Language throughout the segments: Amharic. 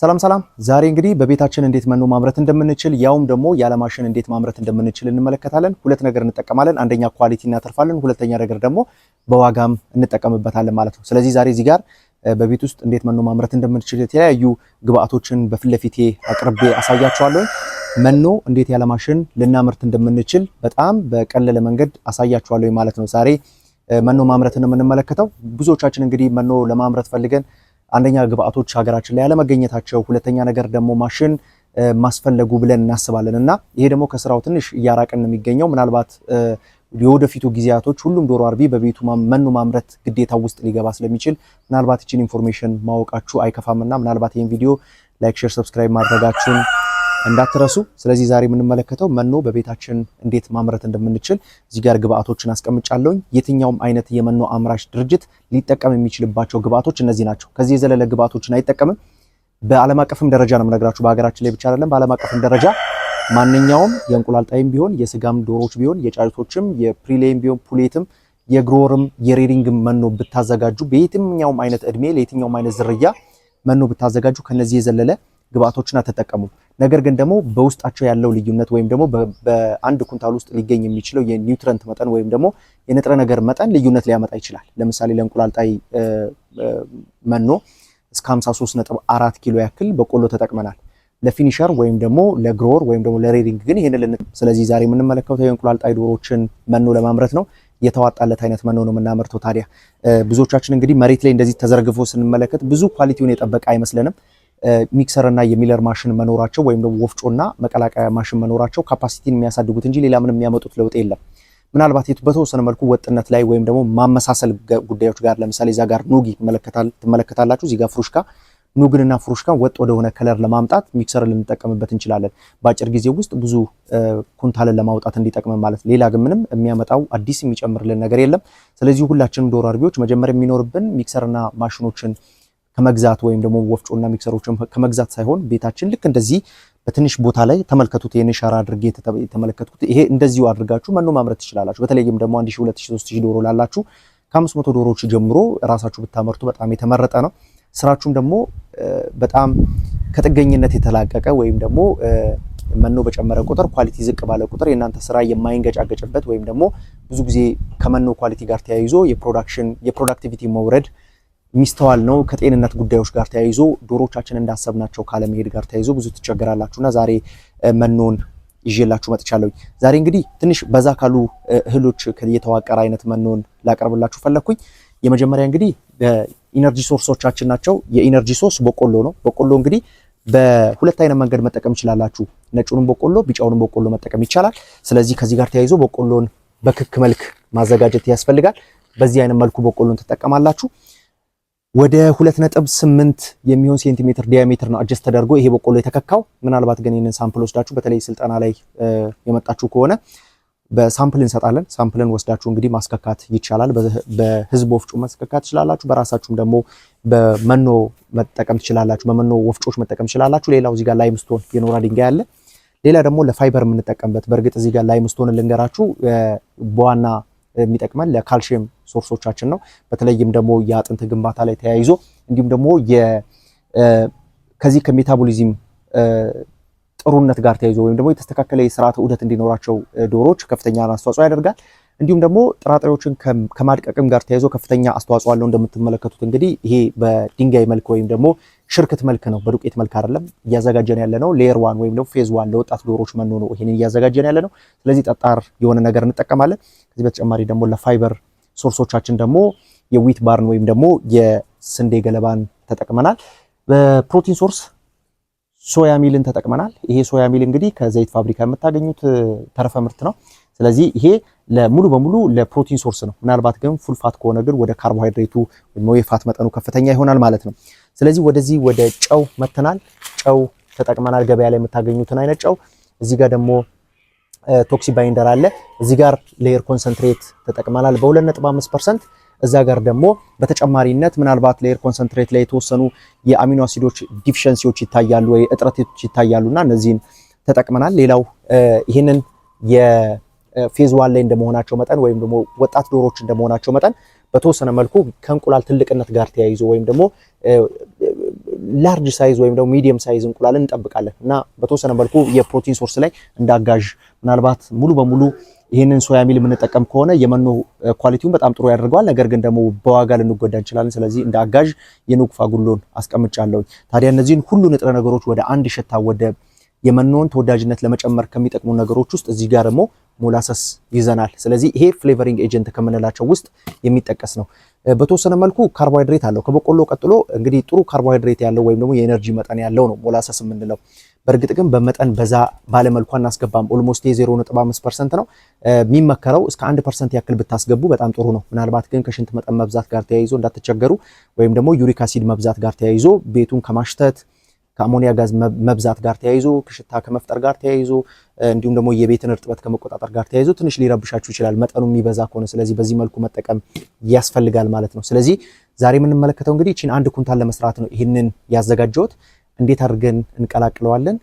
ሰላም ሰላም። ዛሬ እንግዲህ በቤታችን እንዴት መኖ ማምረት እንደምንችል ያውም ደግሞ ያለ ማሽን እንዴት ማምረት እንደምንችል እንመለከታለን። ሁለት ነገር እንጠቀማለን። አንደኛ ኳሊቲ እናተርፋለን፣ ሁለተኛ ነገር ደግሞ በዋጋም እንጠቀምበታለን ማለት ነው። ስለዚህ ዛሬ እዚህ ጋር በቤት ውስጥ እንዴት መኖ ማምረት እንደምንችል የተለያዩ ግብአቶችን በፊት ለፊቴ አቅርቤ አሳያችኋለሁ። መኖ እንዴት ያለ ማሽን ልናምርት እንደምንችል በጣም በቀለለ መንገድ አሳያችኋለሁ ማለት ነው። ዛሬ መኖ ማምረትን የምንመለከተው ብዙዎቻችን እንግዲህ መኖ ለማምረት ፈልገን አንደኛ ግብአቶች ሀገራችን ላይ አለመገኘታቸው ሁለተኛ ነገር ደግሞ ማሽን ማስፈለጉ ብለን እናስባለን እና ይሄ ደግሞ ከስራው ትንሽ እያራቀን ነው የሚገኘው። ምናልባት የወደፊቱ ጊዜያቶች ሁሉም ዶሮ አርቢ በቤቱ መኖ ማምረት ግዴታ ውስጥ ሊገባ ስለሚችል ምናልባት ይችን ኢንፎርሜሽን ማወቃችሁ አይከፋምና ምናልባት ይህን ቪዲዮ ላይክ፣ ሼር፣ ሰብስክራይብ ማድረጋችሁን እንዳትረሱ። ስለዚህ ዛሬ የምንመለከተው መኖ በቤታችን እንዴት ማምረት እንደምንችል እዚህ ጋር ግብአቶችን አስቀምጫለሁኝ። የትኛውም አይነት የመኖ አምራች ድርጅት ሊጠቀም የሚችልባቸው ግብአቶች እነዚህ ናቸው። ከዚህ የዘለለ ግብአቶችን አይጠቀምም። በዓለም አቀፍም ደረጃ ነው የምነግራችሁ፣ በሀገራችን ላይ ብቻ አይደለም። በዓለም አቀፍም ደረጃ ማንኛውም የእንቁላል ጣይም ቢሆን የስጋም ዶሮች ቢሆን የጫጩቶችም የፕሪሌም ቢሆን ፑሌትም የግሮርም የሬዲንግም መኖ ብታዘጋጁ በየትኛውም አይነት እድሜ ለየትኛውም አይነት ዝርያ መኖ ብታዘጋጁ ከነዚህ የዘለለ ግብአቶችን አልተጠቀሙም። ነገር ግን ደግሞ በውስጣቸው ያለው ልዩነት ወይም ደግሞ በአንድ ኩንታል ውስጥ ሊገኝ የሚችለው የኒውትረንት መጠን ወይም ደግሞ የንጥረ ነገር መጠን ልዩነት ሊያመጣ ይችላል። ለምሳሌ ለእንቁላልጣይ መኖ እስከ 53.4 ኪሎ ያክል በቆሎ ተጠቅመናል። ለፊኒሸር ወይም ደግሞ ለግሮወር ወይም ደግሞ ለሬዲንግ ግን ይህን ልን ስለዚህ ዛሬ የምንመለከተው የእንቁላልጣይ ዶሮችን መኖ ለማምረት ነው። የተዋጣለት አይነት መኖ ነው የምናመርተው። ታዲያ ብዙዎቻችን እንግዲህ መሬት ላይ እንደዚህ ተዘርግፎ ስንመለከት ብዙ ኳሊቲውን የጠበቀ አይመስለንም። ሚክሰር እና የሚለር ማሽን መኖራቸው ወይም ደግሞ ወፍጮና መቀላቀያ ማሽን መኖራቸው ካፓሲቲን የሚያሳድጉት እንጂ ሌላ ምንም የሚያመጡት ለውጥ የለም። ምናልባት በተወሰነ መልኩ ወጥነት ላይ ወይም ደግሞ ማመሳሰል ጉዳዮች ጋር ለምሳሌ እዛ ጋር ኑግ ትመለከታላችሁ፣ እዚህ ጋር ፍሩሽካ ኑግንና ፍሩሽካን ወጥ ወደሆነ ከለር ለማምጣት ሚክሰር ልንጠቀምበት እንችላለን። በአጭር ጊዜ ውስጥ ብዙ ኩንታልን ለማውጣት እንዲጠቅም ማለት። ሌላ ግን ምንም የሚያመጣው አዲስ የሚጨምርልን ነገር የለም። ስለዚህ ሁላችንም ዶሮ አርቢዎች መጀመሪያ የሚኖርብን ሚክሰርና ማሽኖችን ከመግዛት ወይም ደግሞ ወፍጮና ሚክሰሮችን ከመግዛት ሳይሆን ቤታችን ልክ እንደዚህ በትንሽ ቦታ ላይ ተመልከቱት። ይሄን ሸራ አድርጌ የተመለከትኩት ይሄ እንደዚሁ አድርጋችሁ መኖ ማምረት ትችላላችሁ። በተለይም ደግሞ 1000፣ 3 ሺህ ዶሮ ላላችሁ ከ500 ዶሮዎች ጀምሮ ራሳችሁ ብታመርቱ በጣም የተመረጠ ነው። ስራችሁም ደግሞ በጣም ከጥገኝነት የተላቀቀ ወይም ደግሞ መኖ በጨመረ ቁጥር ኳሊቲ ዝቅ ባለ ቁጥር የእናንተ ስራ የማይንገጫገጭበት ወይም ደግሞ ብዙ ጊዜ ከመኖ ኳሊቲ ጋር ተያይዞ የፕሮዳክሽን የፕሮዳክቲቪቲ መውረድ የሚስተዋል ነው። ከጤንነት ጉዳዮች ጋር ተያይዞ ዶሮቻችን እንዳሰብናቸው ካለመሄድ ጋር ተያይዞ ብዙ ትቸገራላችሁና ዛሬ መኖን ይዤላችሁ መጥቻለሁ። ዛሬ እንግዲህ ትንሽ በዛ ካሉ እህሎች የተዋቀረ አይነት መኖን ላቀርብላችሁ ፈለግኩኝ። የመጀመሪያ እንግዲህ ኢነርጂ ሶርሶቻችን ናቸው። የኢነርጂ ሶርስ በቆሎ ነው። በቆሎ እንግዲህ በሁለት አይነት መንገድ መጠቀም ይችላላችሁ። ነጩንም በቆሎ ቢጫውንም በቆሎ መጠቀም ይቻላል። ስለዚህ ከዚህ ጋር ተያይዞ በቆሎን በክክ መልክ ማዘጋጀት ያስፈልጋል። በዚህ አይነት መልኩ በቆሎን ትጠቀማላችሁ። ወደ 2.8 የሚሆን ሴንቲሜትር ዲያሜትር ነው አጀስት ተደርጎ ይሄ በቆሎ የተከካው። ምናልባት ግን ይህንን ሳምፕል ወስዳችሁ በተለይ ስልጠና ላይ የመጣችሁ ከሆነ በሳምፕል እንሰጣለን። ሳምፕልን ወስዳችሁ እንግዲህ ማስከካት ይቻላል። በህዝብ ወፍጮ ማስከካት ትችላላችሁ። በራሳችሁም ደግሞ በመኖ መጠቀም ትችላላችሁ። በመኖ ወፍጮች መጠቀም ትችላላችሁ። ሌላው እዚህ ጋር ላይምስቶን የኖራ ድንጋይ አለ። ሌላ ደግሞ ለፋይበር የምንጠቀምበት በእርግጥ እዚህ ጋር ላይምስቶን ልንገራችሁ፣ በዋና የሚጠቅመን ለካልሽየም ሶርሶቻችን ነው። በተለይም ደግሞ የአጥንት ግንባታ ላይ ተያይዞ እንዲሁም ደግሞ ከዚህ ከሜታቦሊዝም ጥሩነት ጋር ተያይዞ ወይም ደግሞ የተስተካከለ የስርዓተ ዑደት እንዲኖራቸው ዶሮዎች ከፍተኛ አስተዋጽኦ ያደርጋል። እንዲሁም ደግሞ ጥራጥሬዎችን ከማድቀቅም ጋር ተያይዞ ከፍተኛ አስተዋጽኦ አለው። እንደምትመለከቱት እንግዲህ ይሄ በድንጋይ መልክ ወይም ደግሞ ሽርክት መልክ ነው፣ በዱቄት መልክ አይደለም እያዘጋጀን ያለ ነው። ሌየር ዋን ወይም ደግሞ ፌዝ ዋን ለወጣት ዶሮዎች መኖ ነው ይሄንን እያዘጋጀን ያለ ነው። ስለዚህ ጠጣር የሆነ ነገር እንጠቀማለን። ከዚህ በተጨማሪ ደግሞ ለፋይበር ሶርሶቻችን ደግሞ የዊት ባርን ወይም ደግሞ የስንዴ ገለባን ተጠቅመናል። በፕሮቲን ሶርስ ሶያ ሚልን ተጠቅመናል። ይሄ ሶያ ሚል እንግዲህ ከዘይት ፋብሪካ የምታገኙት ተረፈ ምርት ነው። ስለዚህ ይሄ ለሙሉ በሙሉ ለፕሮቲን ሶርስ ነው። ምናልባት ግን ፉልፋት ከሆነ ግን ወደ ካርቦሃይድሬቱ ወይም የፋት መጠኑ ከፍተኛ ይሆናል ማለት ነው። ስለዚህ ወደዚህ ወደ ጨው መተናል። ጨው ተጠቅመናል። ገበያ ላይ የምታገኙትን አይነት ጨው እዚህ ጋር ደግሞ ቶክሲ ባይንደር አለ። እዚህ ጋር ሌየር ኮንሰንትሬት ተጠቅመናል በ2.5% እዛ ጋር ደግሞ በተጨማሪነት ምናልባት ሌየር ኮንሰንትሬት ላይ የተወሰኑ የአሚኖ አሲዶች ዲፊሸንሲዎች ይታያሉ ወይ እጥረቶች ይታያሉና እነዚህን ተጠቅመናል። ሌላው ይህንን የፌዝ ዋን ላይ እንደመሆናቸው መጠን ወይም ደግሞ ወጣት ዶሮዎች እንደመሆናቸው መጠን በተወሰነ መልኩ ከእንቁላል ትልቅነት ጋር ተያይዞ ወይም ደግሞ ላርጅ ሳይዝ ወይም ደግሞ ሚዲየም ሳይዝ እንቁላል እንጠብቃለን እና በተወሰነ መልኩ የፕሮቲን ሶርስ ላይ እንዳጋዥ ምናልባት ሙሉ በሙሉ ይህንን ሶያ ሚል የምንጠቀም ከሆነ የመኖ ኳሊቲውን በጣም ጥሩ ያደርገዋል። ነገር ግን ደግሞ በዋጋ ልንጎዳ እንችላለን። ስለዚህ እንደ አጋዥ የኑግ ፋጉሎን አስቀምጫለሁ። ታዲያ እነዚህን ሁሉ ንጥረ ነገሮች ወደ አንድ ሸታ ወደ የመኖን ተወዳጅነት ለመጨመር ከሚጠቅሙ ነገሮች ውስጥ እዚህ ጋር ደግሞ ሞላሰስ ይዘናል። ስለዚህ ይሄ ፍሌቨሪንግ ኤጀንት ከምንላቸው ውስጥ የሚጠቀስ ነው። በተወሰነ መልኩ ካርቦሃይድሬት አለው። ከበቆሎ ቀጥሎ እንግዲህ ጥሩ ካርቦሃይድሬት ያለው ወይም ደግሞ የኤነርጂ መጠን ያለው ነው ሞላሰስ የምንለው። በእርግጥ ግን በመጠን በዛ ባለመልኩ አናስገባም። ኦልሞስት የዜሮ ነጥብ አምስት ፐርሰንት ነው የሚመከረው። እስከ አንድ ፐርሰንት ያክል ብታስገቡ በጣም ጥሩ ነው። ምናልባት ግን ከሽንት መጠን መብዛት ጋር ተያይዞ እንዳትቸገሩ ወይም ደግሞ ዩሪክ አሲድ መብዛት ጋር ተያይዞ ቤቱን ከማሽተት ከአሞኒያ ጋዝ መብዛት ጋር ተያይዞ ከሽታ ከመፍጠር ጋር ተያይዞ እንዲሁም ደግሞ የቤትን እርጥበት ከመቆጣጠር ጋር ተያይዞ ትንሽ ሊረብሻችሁ ይችላል፣ መጠኑ የሚበዛ ከሆነ። ስለዚህ በዚህ መልኩ መጠቀም ያስፈልጋል ማለት ነው። ስለዚህ ዛሬ የምንመለከተው እንግዲህ ይህችን አንድ ኩንታል ለመስራት ነው ይህንን ያዘጋጀሁት። እንዴት አድርገን እንቀላቅለዋለን፣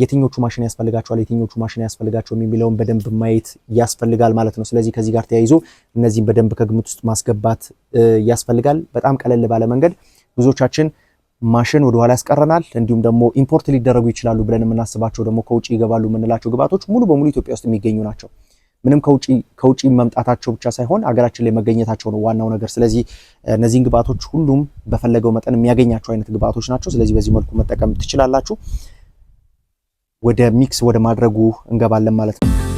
የትኞቹ ማሽን ያስፈልጋቸዋል፣ የትኞቹ ማሽን ያስፈልጋቸው የሚለውን በደንብ ማየት ያስፈልጋል ማለት ነው። ስለዚህ ከዚህ ጋር ተያይዞ እነዚህን በደንብ ከግምት ውስጥ ማስገባት ያስፈልጋል። በጣም ቀለል ባለ መንገድ ብዙዎቻችን ማሽን ወደ ኋላ ያስቀረናል። እንዲሁም ደግሞ ኢምፖርት ሊደረጉ ይችላሉ ብለን የምናስባቸው ደግሞ ከውጭ ይገባሉ የምንላቸው ግብዓቶች ሙሉ በሙሉ ኢትዮጵያ ውስጥ የሚገኙ ናቸው። ምንም ከውጭ መምጣታቸው ብቻ ሳይሆን አገራችን ላይ መገኘታቸው ነው ዋናው ነገር። ስለዚህ እነዚህን ግብዓቶች ሁሉም በፈለገው መጠን የሚያገኛቸው አይነት ግብዓቶች ናቸው። ስለዚህ በዚህ መልኩ መጠቀም ትችላላችሁ። ወደ ሚክስ ወደ ማድረጉ እንገባለን ማለት ነው።